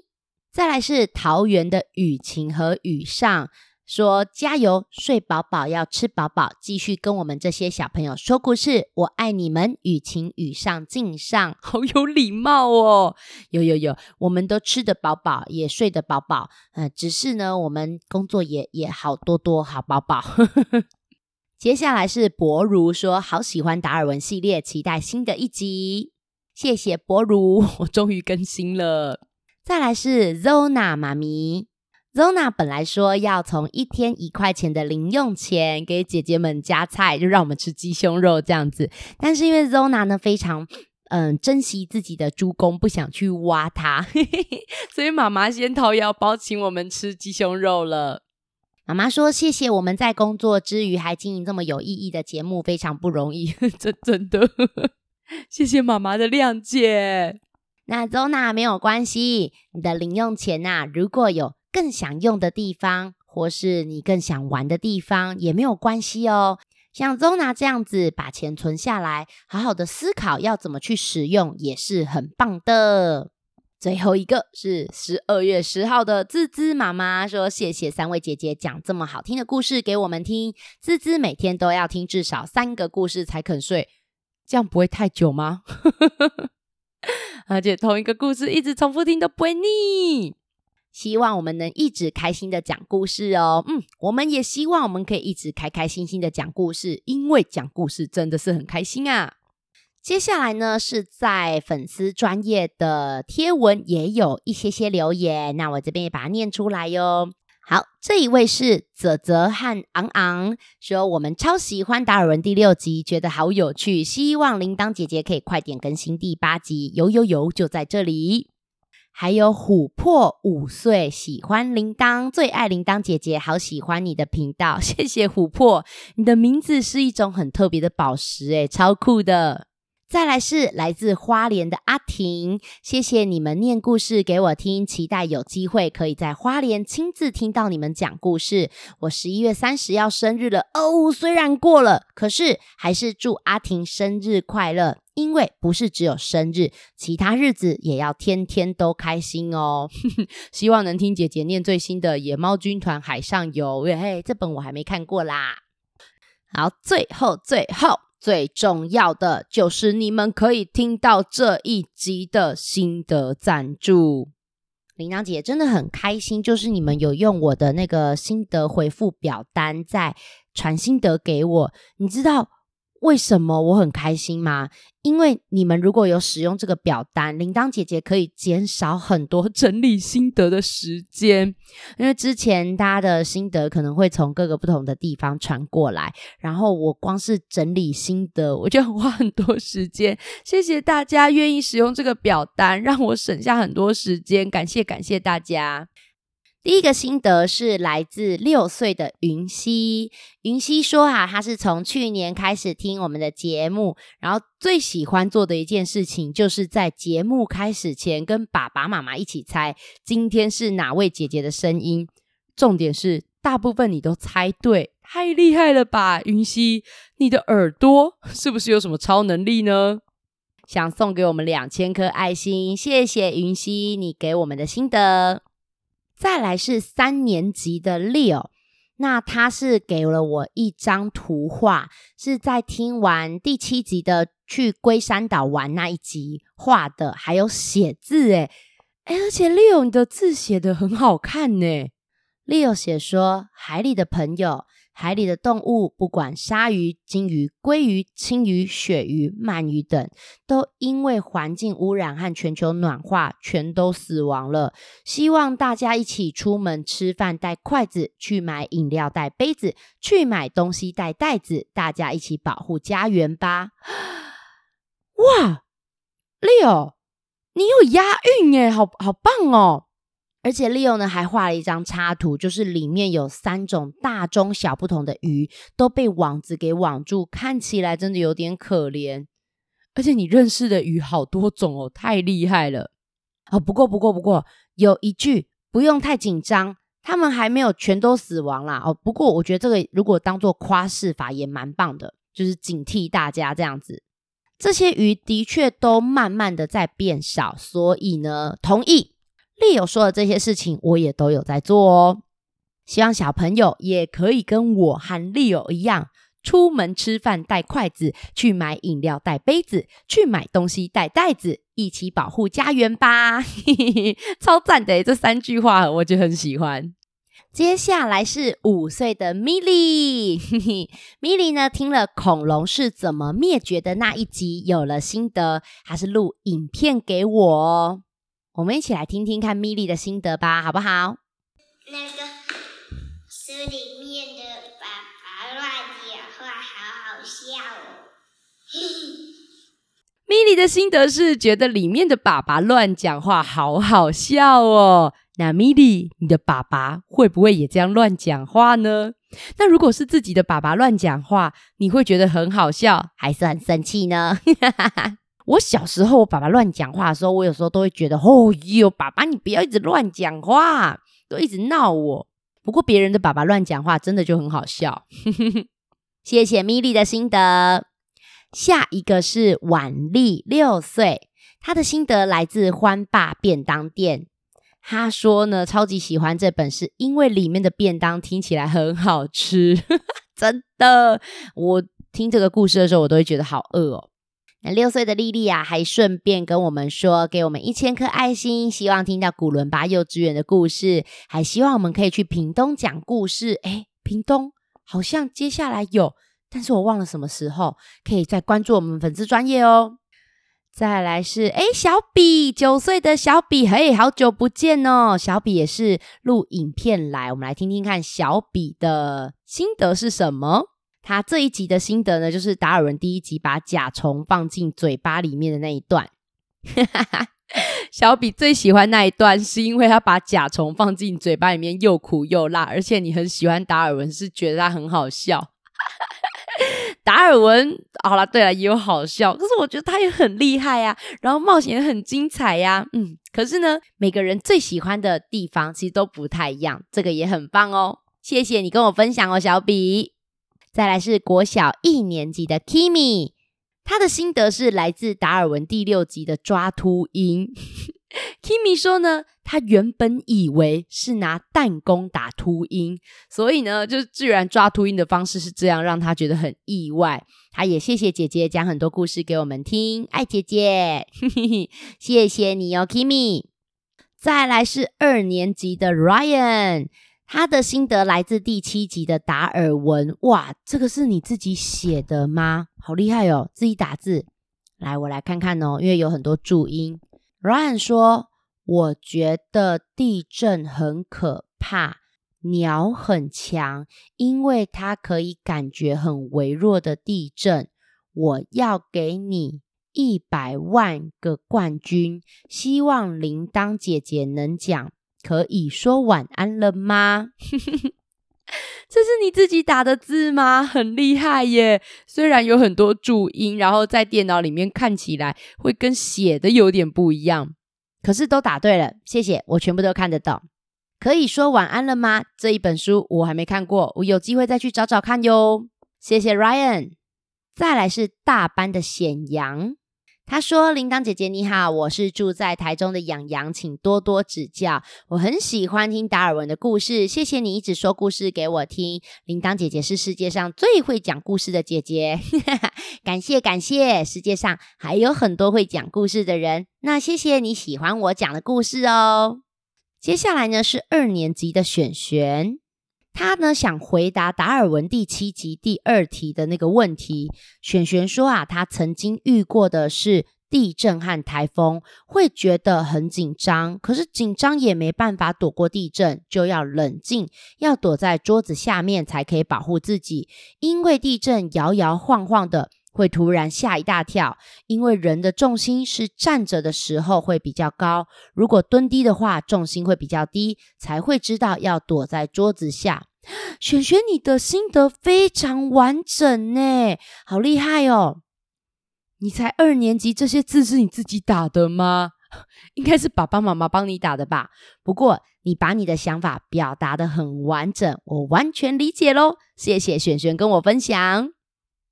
再來是桃園的雨晴和雨上。說加油，睡飽飽要吃飽飽，繼續跟我們這些小朋友說故事，我愛你們，雨晴雨上敬上，好有禮貌哦。有有有，我們都吃得飽飽，也睡得飽飽，嗯、呃，只是呢，我們工作也也好多多好飽飽。 (laughs) 接下來是博如說，好喜歡達爾文系列，期待新的一集。謝謝博如，我終於更新了。再來是 Zona 媽咪。Zona 本來說要從一天一塊錢的零用錢給姐姐們加菜，就讓我們吃雞胸肉這樣子。但是因為 Zona 呢非常嗯珍惜自己的豬公，不想去挖它，嘿嘿嘿。所以媽媽先掏腰包請我們吃雞胸肉了。媽媽說：“謝謝我們在工作之餘還經營這麼有意義的節目，非常不容易，真 (laughs) 真的，真的 (laughs) 謝謝媽媽的諒解。”那 Zona 沒有關係，你的零用錢吶、啊，如果有。更想用的地方，或是你更想玩的地方，也沒有關係哦。像 Zona 這樣子，把錢存下來，好好的思考要怎麼去使用，也是很棒的。最後一個是十二月十號的滋滋媽媽說：“謝謝三位姐姐講這麼好聽的故事給我們聽。滋滋每天都要聽至少三個故事才肯睡，這樣不會太久嗎？ (laughs) 而且同一個故事一直重複聽都不會膩。”希望我們能一直開心的講故事哦，嗯，我們也希望我們可以一直開開心心的講故事，因為講故事真的是很開心啊。接下來呢，是在粉絲專頁的貼文也有一些些留言，那我這邊也把它念出來喲。好，這一位是澤澤和昂昂說，我們超喜歡達爾文第六集，覺得好有趣，希望鈴鐺姐姐可以快點更新第八集。有有有，就在這裡。還有琥珀五歲，喜歡鈴鐺，最愛鈴鐺姐姐，好喜歡你的頻道，謝謝琥珀。你的名字是一種很特別的寶石，欸，誒，超酷的。再來是來自花蓮的阿婷，謝謝你們念故事給我聽，期待有機會可以在花蓮親自聽到你們講故事。我十一月三十要生日了哦，雖然過了，可是還是祝阿婷生日快樂，因為不是只有生日，其他日子也要天天都開心哦。 (laughs) 希望能聽姐姐念最新的《野貓軍團海上游》，嘿，嘿，這本我還沒看過啦。好，最後最後。最重要的就是你們可以聽到這一集的心得贊助。鈴鐺姐姐真的很開心，就是你們有用我的那個心得回復表單在傳心得給我，你知道，為什麼我很開心嗎？因為你們如果有使用這個表單，鈴鐺姐姐可以減少很多整理心得的時間。因為之前大家的心得可能會從各個不同的地方傳過來，然後我光是整理心得，我就要花很多時間。謝謝大家願意使用這個表單，讓我省下很多時間。感謝感謝大家。第一個心得是來自六歲的雲溪。雲溪說啊：“哈，他是從去年開始聽我們的節目，然後最喜歡做的一件事情就是在節目開始前跟爸爸媽媽一起猜今天是哪位姐姐的聲音。重點是大部分你都猜對，太厲害了吧，雲溪！你的耳朵是不是有什麼超能力呢？”想送給我們兩千顆愛心，謝謝雲溪，你給我們的心得。再來是三年級的 Leo，那他是給了我一張圖畫，是在聽完第七集的去龜山島玩那一集畫的，還有寫字誒、欸，而且 Leo 你的字寫得很好看誒。Leo 寫說，海裡的朋友。海裡的動物，不管鯊魚、鯨魚、鮭魚、青魚、鱈魚、鰻魚等，都因為環境污染和全球暖化，全都死亡了。希望大家一起出門吃飯帶筷子，去買飲料帶杯子，去買東西帶袋子，大家一起保護家園吧！哇，Leo，你有押韻耶，好好棒哦！而且 Leo 呢，還畫了一張插圖，就是裡面有三種大中小不同的魚都被網子給網住，看起來真的有點可憐。而且你認識的魚好多種哦，太厲害了哦！不過不過不過，有一句不用太緊張，他們還沒有全都死亡啦哦。不過我覺得這個如果當做誇飾法也蠻棒的，就是警惕大家這樣子，這些魚的確都慢慢的在變少，所以呢，同意。麗友說的這些事情，我也都有在做哦。希望小朋友也可以跟我和麗友一樣，出門吃飯帶筷子，去買飲料帶杯子，去買東西帶袋子，一起保護家園吧！ (laughs) 超讚的，這三句話我就很喜歡。接下來是五歲的米莉， (laughs) 米莉呢聽了恐龍是怎麼滅絕的那一集，有了心得，還是錄影片給我哦。我們一起來聽聽看米莉的心得吧，好不好？那個書裡面的爸爸亂講話，好好笑哦。 (laughs) 米莉的心得是覺得裡面的爸爸亂講話好好笑哦。那米莉，你的爸爸會不會也這樣亂講話呢？那如果是自己的爸爸亂講話，你會覺得很好笑，還是很生氣呢？ (laughs) 我小時候，我爸爸亂講話的時候，我有時候都會覺得，哦喲，爸爸你不要一直亂講話，都一直鬧我。不過別人的爸爸亂講話，真的就很好笑。 (laughs) 謝謝米莉的心得。下一個是婉麗，六歲，她的心得來自歡爸便當店。她說呢，超級喜歡這本，是因為裡面的便當聽起來很好吃， (laughs) 真的。我聽這個故事的時候，我都會覺得好餓哦。那六歲的莉莉啊，還順便跟我們說，給我們一千顆愛心，希望聽到古倫巴幼稚園的故事，還希望我們可以去屏東講故事。哎、欸，屏東好像接下來有，但是我忘了什麼時候，可以再關注我們粉絲專業哦。再來是哎、欸、小比，九歲的小比，嘿、欸，好久不見哦，小比也是錄影片來，我們來聽聽看小比的心得是什麼。他這一集的心得呢，就是達爾文第一集把甲蟲放進嘴巴裡面的那一段。 (laughs) 小比最喜歡那一段，是因為他把甲蟲放進嘴巴裡面又苦又辣，而且你很喜歡達爾文，是覺得他很好笑。達 (laughs) 爾文，好了，對了，也有好笑，可是我覺得他也很厲害呀，然後冒險很精彩呀，嗯。可是呢，每個人最喜歡的地方其實都不太一樣，這個也很棒哦。謝謝你跟我分享哦，小比。再來是國小一年級的 Kimi，他的心得是來自《達爾文》第六集的抓禿鷹。 (laughs) Kimi 說呢，他原本以為是拿彈弓打禿鷹，所以呢，就是居然抓禿鷹的方式是這樣，讓他覺得很意外。他也謝謝姐姐講很多故事給我們聽，愛姐姐， (laughs) 謝謝你哦，Kimi。再來是二年級的 Ryan。他的心得來自第七集的達爾文，哇，這個是你自己寫的嗎？好厲害哦，自己打字。來，我來看看哦，因為有很多注音。Ryan 說：“我覺得地震很可怕，鳥很強，因為它可以感覺很微弱的地震。我要給你一百萬個冠軍，希望鈴鐺姐姐能講。”可以說晚安了嗎？ (laughs) 這是你自己打的字嗎？很厲害耶！雖然有很多注音，然後在電腦裡面看起來會跟寫的有點不一樣，可是都打對了。謝謝，我全部都看得到。可以說晚安了嗎？這一本書我還沒看過，我有機會再去找找看喲。謝謝 Ryan。再來是大班的顯陽。他說：“鈴鐺姐姐你好，我是住在台中的洋洋，請多多指教。我很喜歡聽達爾文的故事，謝謝你一直說故事給我聽。鈴鐺姐姐是世界上最會講故事的姐姐， (laughs) 感謝感謝。世界上還有很多會講故事的人，那謝謝你喜歡我講的故事哦。接下來呢是二年級的選選。”他呢，想回答達爾文第七集第二題的那個問題。玄玄說啊，他曾經遇過的是地震和颱風，會覺得很緊張。可是緊張也沒辦法躲過地震，就要冷靜，要躲在桌子下面才可以保護自己。因為地震搖搖晃晃的，會突然嚇一大跳。因為人的重心是站着的時候會比較高，如果蹲低的話，重心會比較低，才會知道要躲在桌子下。軒軒，玄玄，你的心得非常完整呢，好厲害哦！你才二年級，這些字是你自己打的嗎？應該是爸爸媽媽幫你打的吧。不過，你把你的想法表達得很完整，我完全理解嘍。謝謝軒軒跟我分享。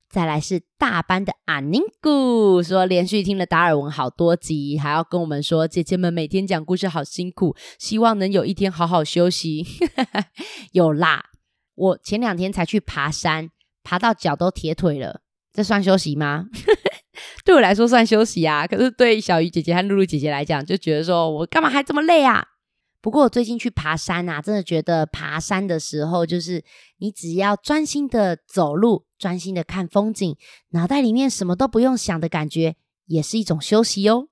再來是大班的阿寧姑，說連續聽了達爾文好多集，還要跟我們說姐姐們每天講故事好辛苦，希望能有一天好好休息。 (laughs) 有啦，我前兩天才去爬山，爬到腳都鐵腿了，這算休息嗎？ (laughs) 對我來說算休息啊，可是對小魚姐姐和露露姐姐來講，就覺得說我幹嘛還這麼累啊？不過我最近去爬山啊，真的覺得爬山的時候，就是你只要專心的走路，專心的看風景，腦袋裡面什麼都不用想的感覺，也是一種休息哦。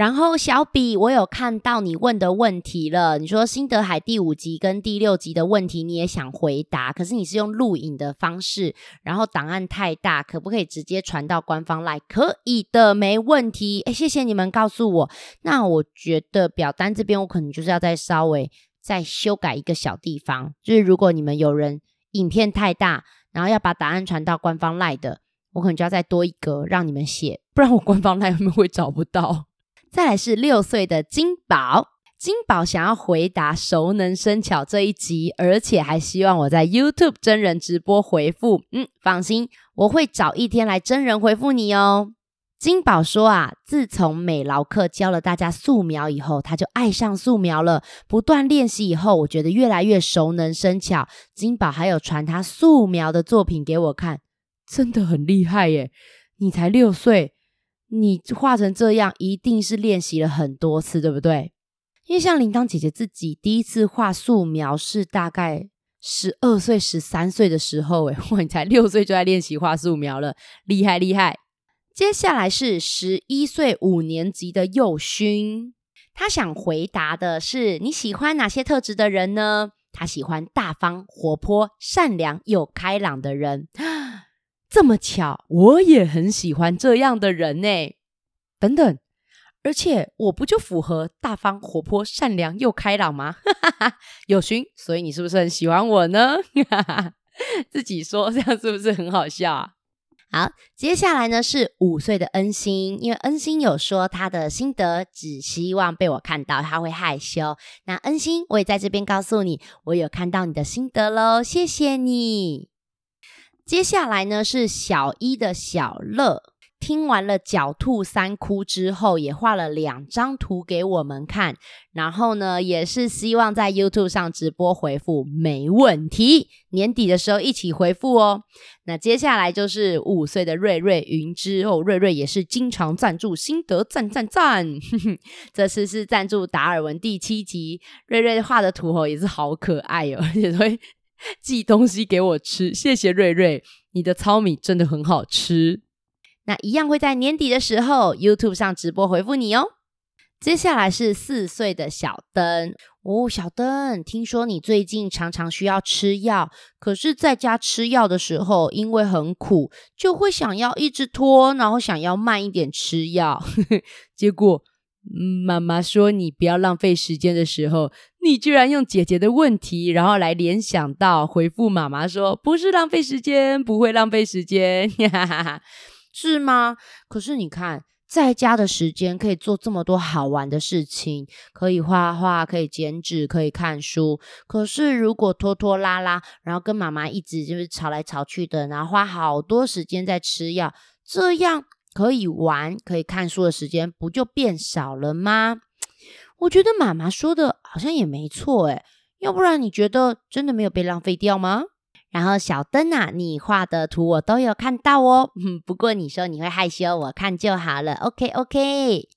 然後小比，我有看到你問的問題了。你說新德海第五集跟第六集的問題，你也想回答，可是你是用錄影的方式，然後檔案太大，可不可以直接傳到官方 LINE？可以的，沒問題。誒，謝謝你們告訴我。那我覺得表單這邊，我可能就是要再稍微再修改一個小地方，就是如果你們有人影片太大，然後要把檔案傳到官方 LINE 的，我可能就要再多一格讓你們寫，不然我官方 LINE 會找不到。再來是六歲的金寶，金寶想要回答“熟能生巧”這一集，而且還希望我在 YouTube 真人直播回復。嗯，放心，我會找一天來真人回復你哦。金寶說啊，自從美勞課教了大家素描以後，他就愛上素描了，不斷練習以後，我覺得越來越熟能生巧。金寶還有傳他素描的作品給我看，真的很厲害耶！你才六歲。你畫成這樣，一定是練習了很多次，對不對？因為像鈴鐺姐姐自己第一次畫素描是大概十二歲、十三歲的時候，欸，哎，哇，你才六歲就在練習畫素描了，厲害厲害！接下來是十一歲五年級的幼勳，他想回答的是你喜歡哪些特質的人呢？他喜歡大方、活潑、善良又開朗的人。這麼巧，我也很喜歡這樣的人欸。等等，而且我不就符合大方、活潑、善良又開朗嗎？ (laughs) 有勳，所以你是不是很喜歡我呢？ (laughs) 自己說，這樣是不是很好笑啊？好，接下來呢是五歲的恩心，因為恩心有說他的心得，只希望被我看到，他會害羞。那恩心，我也在這邊告訴你，我有看到你的心得嘍，謝謝你。接下來呢是小一的小樂，聽完了《狡兔三窟》之後，也畫了兩張圖給我們看。然後呢，也是希望在 YouTube 上直播回復，沒問題。年底的時候一起回復哦。那接下來就是五歲的瑞瑞云之後，瑞瑞也是經常贊助心得讚讚讚哼哼。這次是贊助達爾文第七集，瑞瑞畫的圖、哦、也是好可愛哦，也會。 (laughs) 寄東西給我吃，謝謝瑞瑞，你的糙米真的很好吃。那一樣會在年底的時候 YouTube 上直播回復你哦。接下來是四歲的小燈哦，小燈，聽說你最近常常需要吃藥，可是在家吃藥的時候，因為很苦，就會想要一直拖，然後想要慢一點吃藥， (laughs) 結果。嗯，媽媽說你不要浪費時間的時候，你居然用姐姐的問題，然後來聯想到回復媽媽說不是浪費時間，不會浪費時間， (laughs) 是嗎？可是你看，在家的時間可以做這麼多好玩的事情，可以畫畫，可以剪紙，可以看書。可是如果拖拖拉拉，然後跟媽媽一直就是吵來吵去的，然後花好多時間在吃藥，這樣。可以玩、可以看書的時間不就變少了嗎？我覺得媽媽說的好像也沒錯哎，要不然你覺得真的沒有被浪費掉嗎？然後小燈啊，你畫的圖我都有看到哦，不過你說你會害羞，我看就好了。OK OK。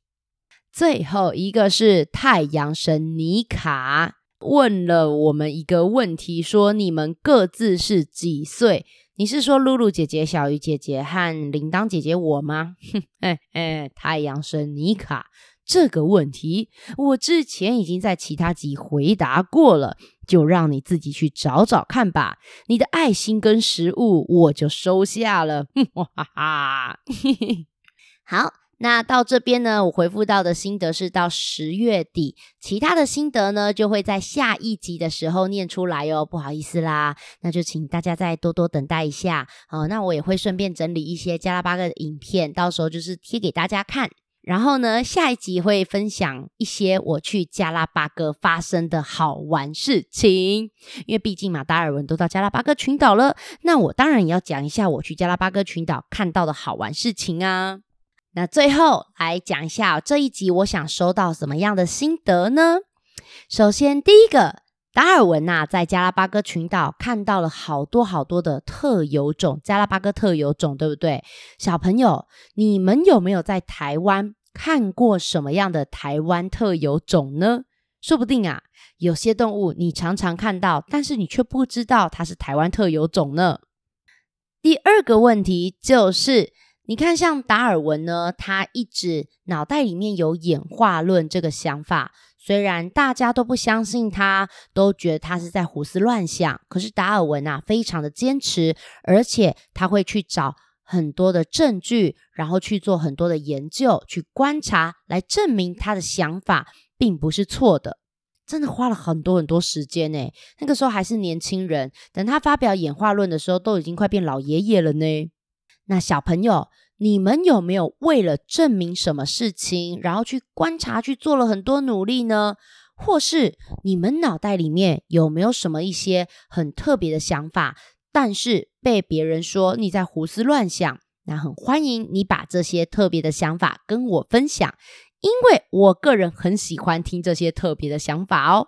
最後一個是太陽神尼卡，問了我們一個問題，說你們各自是幾歲？你是說露露姐姐、小魚姐姐和鈴鐺姐姐我嗎？ (laughs) 太陽神尼卡，這個問題我之前已經在其他集回答過了，就讓你自己去找找看吧。你的愛心跟食物我就收下了，哇哈哈，嘿嘿，好。那到這邊呢，我回復到的心得是到十月底，其他的心得呢就會在下一集的時候念出來喲，哦，不好意思啦，那就請大家再多多等待一下，呃，那我也會順便整理一些加拉巴哥的影片，到時候就是貼給大家看。然後呢，下一集會分享一些我去加拉巴哥發生的好玩事情，因為畢竟嘛，達爾文都到加拉巴哥群島了，那我當然也要講一下我去加拉巴哥群島看到的好玩事情啊。那最後來講一下，哦、這一集，我想收到怎麼樣的心得呢？首先，第一個達爾文吶，啊，在加拉巴哥群島看到了好多好多的特有種，加拉巴哥特有種，對不對？小朋友，你們有沒有在台灣看過什麼樣的台灣特有種呢？說不定啊，有些動物你常常看到，但是你卻不知道它是台灣特有種呢。第二個問題就是。你看，像達爾文呢，他一直腦袋裡面有演化論這個想法，雖然大家都不相信他，都覺得他是在胡思亂想，可是達爾文啊，非常的堅持，而且他會去找很多的證據，然後去做很多的研究，去觀察，來證明他的想法並不是錯的，真的花了很多很多時間呢。那個時候還是年輕人，等他發表演化論的時候，都已經快變老爺爺了呢。那小朋友，你們有沒有為了證明什麼事情，然後去觀察、去做了很多努力呢？或是你們腦袋裡面有沒有什麼一些很特別的想法？但是被別人說你在胡思亂想，那很歡迎你把這些特別的想法跟我分享，因為我個人很喜歡聽這些特別的想法哦。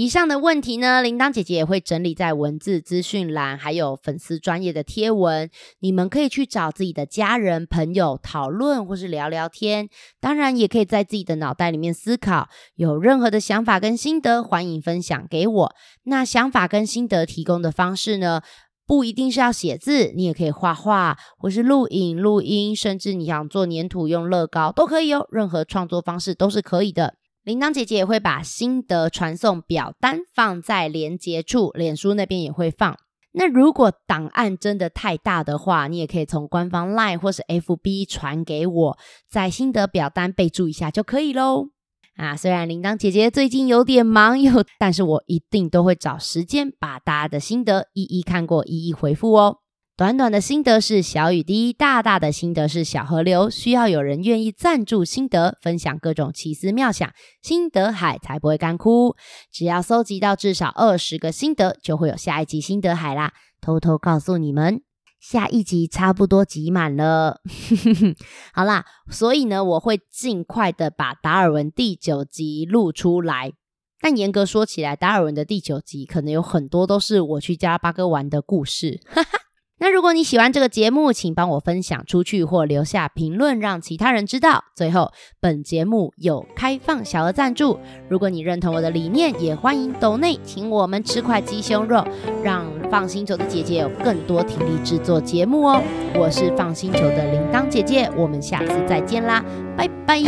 以上的問題呢，鈴鐺姐姐也會整理在文字資訊欄，還有粉絲專業的貼文，你們可以去找自己的家人、朋友討論，或是聊聊天。當然，也可以在自己的腦袋裡面思考，有任何的想法跟心得，歡迎分享給我。那想法跟心得提供的方式呢，不一定是要寫字，你也可以畫畫，或是錄影、錄音，甚至你想做黏土、用樂高都可以哦。任何創作方式都是可以的。鈴鐺姐姐也會把心得傳送表單放在連結處，臉書那邊也會放。那如果檔案真的太大的話，你也可以從官方 LINE 或是 FB 傳給我，在心得表單備注一下就可以嘍。啊，雖然鈴鐺姐姐最近有點忙，有，但是我一定都會找時間把大家的心得一一看過，一一回覆哦。短短的心得是小雨滴，大大的心得是小河流。需要有人願意贊助心得，分享各種奇思妙想，心得海才不會乾枯。只要蒐集到至少二十個心得，就會有下一集心得海啦。偷偷告訴你們，下一集差不多擠滿了。 (laughs) 好啦，所以呢，我會盡快的把達爾文第九集錄出來。但嚴格說起來，達爾文的第九集可能有很多都是我去加拉巴哥玩的故事。 (laughs) 那如果你喜歡這個節目，請幫我分享出去或留下評論，讓其他人知道。最後，本節目有開放小額贊助，如果你認同我的理念，也歡迎抖內請我們吃塊雞胸肉，讓 FUN 星球的姐姐有更多體力製作節目哦。我是 FUN 星球的鈴鐺姐姐，我們下次再見啦，拜拜。